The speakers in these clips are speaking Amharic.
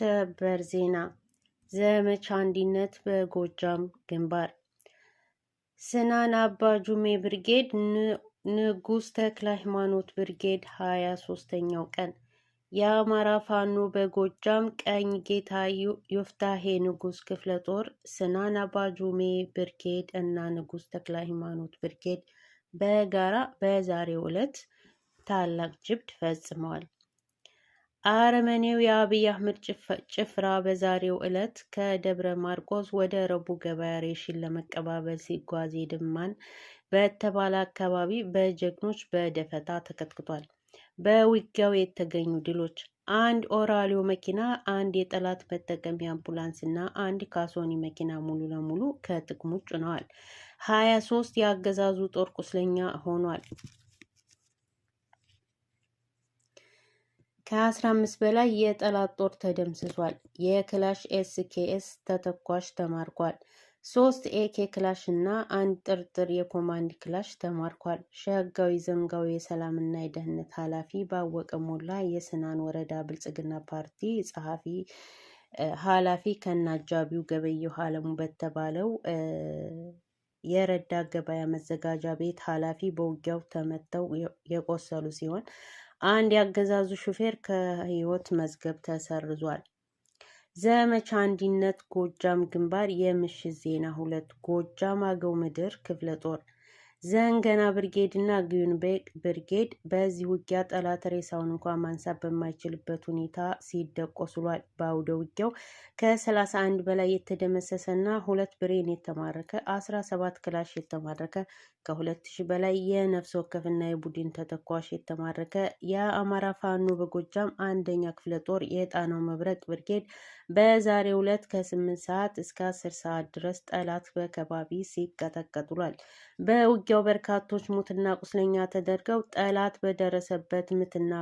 ሰበር ዜና ዘመቻ አንድነት በጎጃም ግንባር ስናን አባ ጁሜ ብርጌድ ንጉስ ተክለ ሃይማኖት ብርጌድ ሀያ ሶስተኛው ቀን የአማራ ፋኖ በጎጃም ቀኝ ጌታ ዮፍታሄ ንጉስ ክፍለ ጦር ስናን አባ ጁሜ ብርጌድ እና ንጉስ ተክለ ሃይማኖት ብርጌድ በጋራ በዛሬው ዕለት ታላቅ ጅብድ ፈጽመዋል። አረመኔው የአብይ አህመድ ጭፍራ በዛሬው ዕለት ከደብረ ማርቆስ ወደ ረቡ ገበያ ሬሽን ለመቀባበል ሲጓዝ የድማን በተባለ አካባቢ በጀግኖች በደፈጣ ተከትክቷል። በውጊያው የተገኙ ድሎች አንድ ኦራሊዮ መኪና፣ አንድ የጠላት መጠቀሚያ አምቡላንስ እና አንድ ካሶኒ መኪና ሙሉ ለሙሉ ከጥቅም ውጭ ሆነዋል። ሀያ ሶስት የአገዛዙ ጦር ቁስለኛ ሆኗል። ከ15 በላይ የጠላት ጦር ተደምስሷል። የክላሽ ኤስኬኤስ ተተኳሽ ተማርኳል። ሶስት ኤኬ ክላሽ እና አንድ ጥርጥር የኮማንድ ክላሽ ተማርኳል። ሸጋዊ ዘንጋው የሰላምና የደህንነት ኃላፊ ባወቀ ሞላ የስናን ወረዳ ብልጽግና ፓርቲ ጸሐፊ ኃላፊ ከነአጃቢው ገበየሁ አለሙ በተባለው የረዳ ገበያ መዘጋጃ ቤት ኃላፊ በውጊያው ተመተው የቆሰሉ ሲሆን አንድ ያገዛዙ ሹፌር ከህይወት መዝገብ ተሰርዟል። ዘመቻ አንድነት ጎጃም ግንባር የምሽት ዜና ሁለት ጎጃም አገው ምድር ክፍለ ጦር ዘንገና ብርጌድ እና ግዩን ብርጌድ በዚህ ውጊያ ጠላት ሬሳውን እንኳ ማንሳት በማይችልበት ሁኔታ ሲደቆስ ውሏል። በአውደ ውጊያው ከ31 በላይ የተደመሰሰ እና ሁለት ብሬን የተማረከ 17 ክላሽ የተማረከ ከ2000 በላይ የነፍስ ወከፍና የቡድን ተተኳሽ የተማረከ የአማራ ፋኖ በጎጃም አንደኛ ክፍለ ጦር የጣናው መብረቅ ብርጌድ በዛሬ ሁለት ከ8 ሰዓት እስከ 10 ሰዓት ድረስ ጠላት በከባቢ ሲቀጠቀጥ ውሏል። በውጊ በውጊያው በርካቶች ሙትና ቁስለኛ ተደርገው ጠላት በደረሰበት ምትና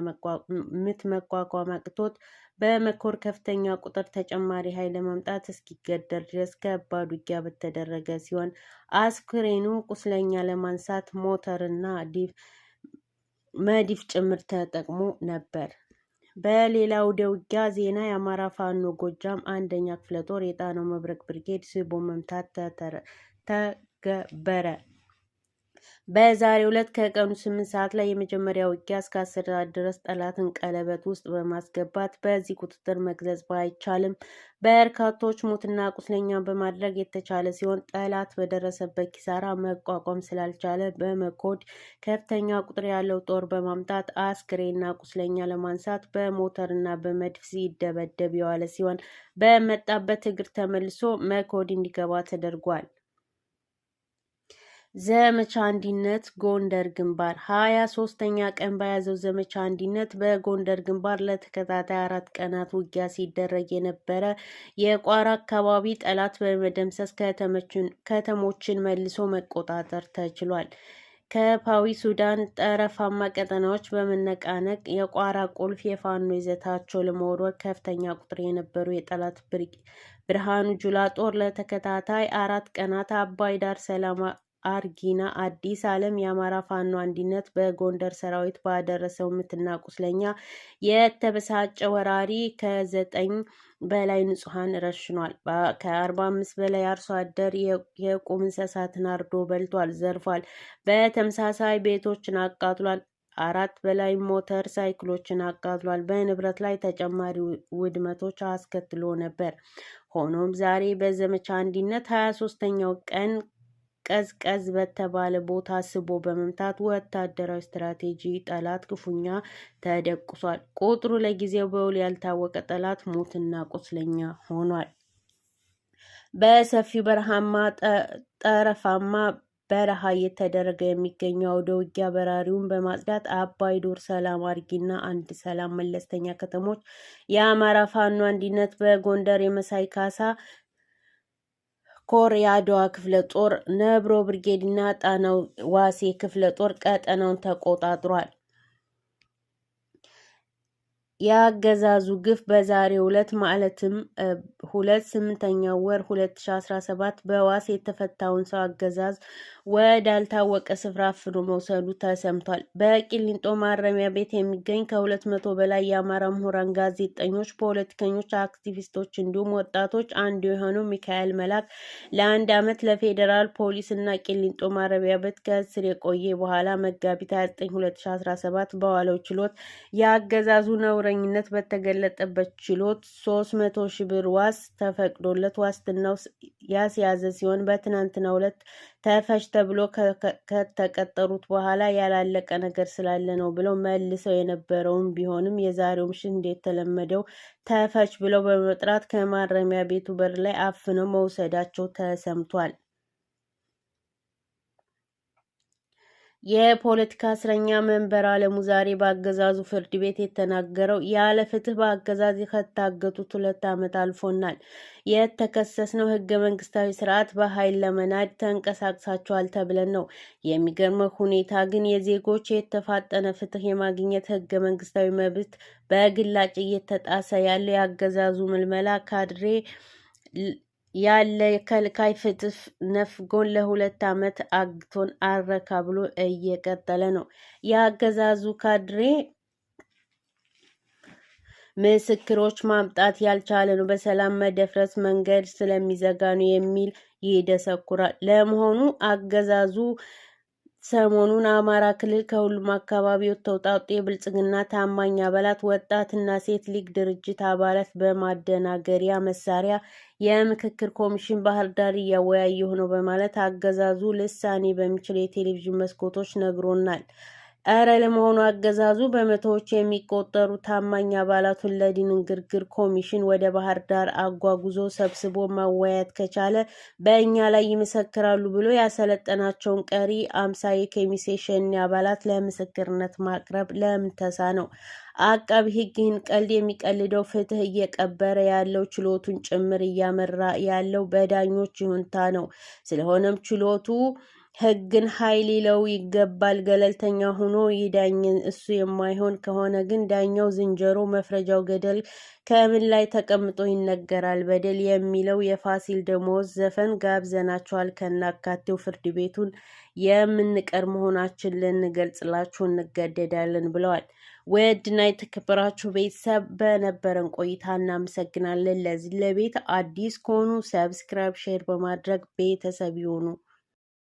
ምት መቋቋም አቅቶት በመኮር ከፍተኛ ቁጥር ተጨማሪ ኃይል ለመምጣት እስኪገደል ድረስ ከባድ ውጊያ በተደረገ ሲሆን አስክሬኑ ቁስለኛ ለማንሳት ሞተርና መድፍ ጭምር ተጠቅሞ ነበር። በሌላ ወደ ውጊያ ዜና የአማራ ፋኖ ጎጃም አንደኛ ክፍለ ጦር የጣናው መብረቅ ብርጌድ ስቦ መምታት ተገበረ። በዛሬው ዕለት ከቀኑ ስምንት ሰዓት ላይ የመጀመሪያ ውጊያ እስከ አስር ሰዓት ድረስ ጠላትን ቀለበት ውስጥ በማስገባት በዚህ ቁጥጥር መግለጽ ባይቻልም በርካቶች ሞትና ቁስለኛ በማድረግ የተቻለ ሲሆን ጠላት በደረሰበት ኪሳራ መቋቋም ስላልቻለ በመኮድ ከፍተኛ ቁጥር ያለው ጦር በማምጣት አስክሬና ቁስለኛ ለማንሳት በሞተርና በመድፍ ሲደበደብ የዋለ ሲሆን በመጣበት እግር ተመልሶ መኮድ እንዲገባ ተደርጓል። ዘመቻ አንድነት ጎንደር ግንባር ሀያ ሶስተኛ ቀን በያዘው ዘመቻ አንድነት በጎንደር ግንባር ለተከታታይ አራት ቀናት ውጊያ ሲደረግ የነበረ የቋራ አካባቢ ጠላት በመደምሰስ ከተሞችን መልሶ መቆጣጠር ተችሏል። ከፓዊ ሱዳን ጠረፋማ ቀጠናዎች በመነቃነቅ የቋራ ቁልፍ የፋኖ ይዘታቸው ለመወርወር ከፍተኛ ቁጥር የነበሩ የጠላት ብርሃኑ ጁላ ጦር ለተከታታይ አራት ቀናት አባይ ዳር ሰላማ አርጊና አዲስ ዓለም የአማራ ፋኖ አንድነት በጎንደር ሰራዊት ባደረሰው ምትና ቁስለኛ የተበሳጨ ወራሪ ከዘጠኝ በላይ ንጹሐን ረሽኗል። ከአርባ አምስት በላይ አርሶ አደር የቁም እንስሳትን አርዶ በልቷል፣ ዘርፏል። በተመሳሳይ ቤቶችን አቃጥሏል። አራት በላይ ሞተር ሳይክሎችን አቃጥሏል። በንብረት ላይ ተጨማሪ ውድመቶች አስከትሎ ነበር። ሆኖም ዛሬ በዘመቻ አንድነት ሀያ ሶስተኛው ቀን ቀዝቀዝ በተባለ ቦታ ስቦ በመምታት ወታደራዊ ስትራቴጂ ጠላት ክፉኛ ተደቁሷል። ቁጥሩ ለጊዜው በውል ያልታወቀ ጠላት ሞትና ቁስለኛ ሆኗል። በሰፊ በረሃማ ጠረፋማ በረሃ እየተደረገ የሚገኘው አውደ ውጊያ በራሪውን በማጽዳት አባይ ዶር፣ ሰላም አርጊና፣ አንድ ሰላም መለስተኛ ከተሞች የአማራ ፋኖ አንድነት በጎንደር የመሳይ ካሳ ኮር የአድዋ ክፍለ ጦር ነብሮ ብርጌድና ጣናው ዋሴ ክፍለ ጦር ቀጠናውን ተቆጣጥሯል። የአገዛዙ ግፍ በዛሬው ዕለት ማለትም ሁለት ስምንተኛው ወር 2017 በዋስ የተፈታውን ሰው አገዛዝ ወዳልታወቀ ስፍራ አፍኖ መውሰዱ ተሰምቷል። በቂሊንጦ ማረሚያ ቤት የሚገኝ ከሁለት መቶ በላይ የአማራ ምሁራን፣ ጋዜጠኞች፣ ፖለቲከኞች፣ አክቲቪስቶች እንዲሁም ወጣቶች አንዱ የሆነው ሚካኤል መላክ ለአንድ ዓመት ለፌዴራል ፖሊስ እና ቂሊንጦ ማረሚያ ቤት ከእስር የቆየ በኋላ መጋቢት 29 2017 በዋለው ችሎት የአገዛዙ ነውር በጦረኝነት በተገለጠበት ችሎት 300 ሺ ብር ዋስ ተፈቅዶለት ዋስትናው ያስያዘ ሲሆን በትናንትናው ዕለት ተፈች ተብሎ ከተቀጠሩት በኋላ ያላለቀ ነገር ስላለ ነው ብለው መልሰው የነበረውን ቢሆንም የዛሬው ምሽት እንደተለመደው ተፈች ብለው በመጥራት ከማረሚያ ቤቱ በር ላይ አፍነው መውሰዳቸው ተሰምቷል። የፖለቲካ እስረኛ መንበር አለሙ ዛሬ በአገዛዙ ፍርድ ቤት የተናገረው ያለ ፍትህ በአገዛዝ ከታገቱት ሁለት ዓመት አልፎናል። የተከሰስነው ህገ መንግስታዊ ስርዓት በኃይል ለመናድ ተንቀሳቅሳቸዋል ተብለን ነው። የሚገርመው ሁኔታ ግን የዜጎች የተፋጠነ ፍትህ የማግኘት ህገ መንግስታዊ መብት በግላጭ እየተጣሰ ያለው የአገዛዙ ምልመላ ካድሬ ያለ ከልካይ ፍትፍ ነፍጎን ለሁለት ዓመት አግቶን አረካ ብሎ እየቀጠለ ነው። የአገዛዙ ካድሬ ምስክሮች ማምጣት ያልቻለ ነው። በሰላም መደፍረስ መንገድ ስለሚዘጋ ነው የሚል ይደሰኩራል። ለመሆኑ አገዛዙ ሰሞኑን አማራ ክልል ከሁሉም አካባቢዎች ተውጣጡ የብልጽግና ታማኝ አባላት ወጣትና ሴት ሊግ ድርጅት አባላት በማደናገሪያ መሳሪያ የምክክር ኮሚሽን ባህር ዳር እያወያየሁ ነው በማለት አገዛዙ ልሳኔ በሚችል የቴሌቪዥን መስኮቶች ነግሮናል። እረ ለመሆኑ አገዛዙ በመቶዎች የሚቆጠሩ ታማኝ አባላቱን ለዲን ግርግር ኮሚሽን ወደ ባህር ዳር አጓጉዞ ሰብስቦ ማወያየት ከቻለ በእኛ ላይ ይመሰክራሉ ብሎ ያሰለጠናቸውን ቀሪ አምሳ የከሚሴ አባላት ለምስክርነት ማቅረብ ለምተሳ ነው አቃቢ ሕግ ይህን ቀልድ የሚቀልደው ፍትህ እየቀበረ ያለው ችሎቱን ጭምር እያመራ ያለው በዳኞች ይሁንታ ነው። ስለሆነም ችሎቱ ህግን ኃይል ይለው ይገባል። ገለልተኛ ሆኖ ይዳኝን። እሱ የማይሆን ከሆነ ግን ዳኛው ዝንጀሮ መፍረጃው ገደል ከምን ላይ ተቀምጦ ይነገራል። በደል የሚለው የፋሲል ደሞዝ ዘፈን ጋብዘናችኋል። ከናካቴው ፍርድ ቤቱን የምንቀር መሆናችን ልንገልጽላችሁ እንገደዳለን ብለዋል። ውድና የተከበራችሁ ቤተሰብ በነበረን ቆይታ እናመሰግናለን። ለዚህ ለቤት አዲስ ከሆኑ ሰብስክራይብ፣ ሼር በማድረግ ቤተሰብ ይሆኑ።